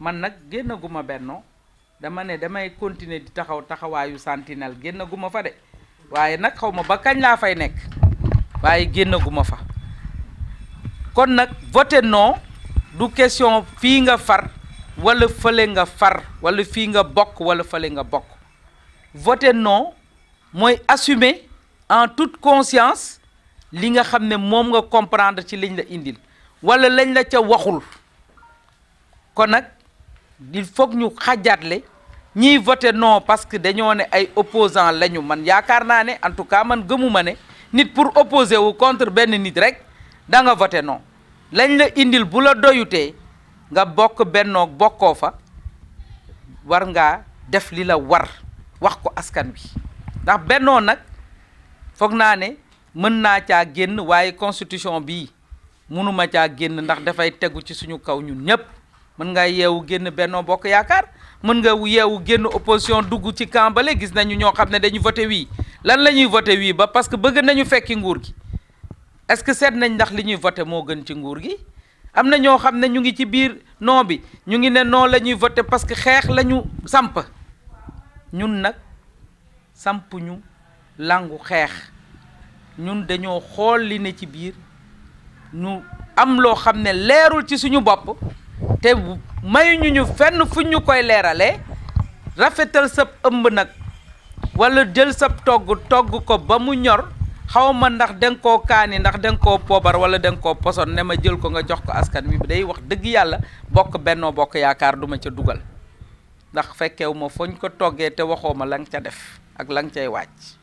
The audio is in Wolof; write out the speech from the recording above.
man nag génnaguma benno dama ne damay continuer di taxaw taxawaayu sentinelle génnaguma fa de waaye nag xaw ma ba kañ laa fay nekk waaye génnaguma fa kon nag vote non du question fii nga far walla fële nga far wala fii nga bokk wala fële nga bokk voté non mooy assumer en tout conscience li nga xam ne moom nga comprendre ci liñ la indil wala lañ la ca waxul kon nag il foog ñu xajaatle ñi voté non parce que dañoo ne ay opposant lañu man yaakaar naa ne en tout cas man gëmuma ne nit pour opposer wu contre benn nit rek da nga voté non lañ la indil bu la doyutee nga bokk bennook bokkoo fa war ngaa def li la war wax ko askan wi ndax bennoo nag foog naa ne mën naa caa génn waaye constitution bii mënuma caa génn ndax dafay tegu ci suñu kaw ñun ñépp mën nga yeewu génn Benno Bokk Yaakaar mën nga yeewu génn opposition dugg ci kambale gis nañu ñoo xam ne dañu voté wii lan la ñuy voté wii ba parce que bëgg nañu fekki nguur gi est-ce que seet nañ ndax li ñuy voté moo gën ci nguur gi am na ñoo xam ne ñu ngi ci biir non bi ñu ngi ne non la ñuy voté parce que xeex la ñu samp ñun nag samp ñu làngu xeex ñun dañoo xool li ne ci biir ñu am loo xam ne leerul ci suñu bopp te mayuñu ñu fenn fu ñu koy leeralee rafetal sab ëmb nag wala jël sab togg togg ko ba mu ñor xaw ma ndax da koo kaani ndax da koo poobar wala da koo poson ne ma jël ko nga jox ko askan wi day wax dëgg yàlla bokk bennoo bokk yaakaar duma ca dugal ndax fekkewu ma foñ ko toggee te waxoo ma la ca def ak la nga cay wàcc.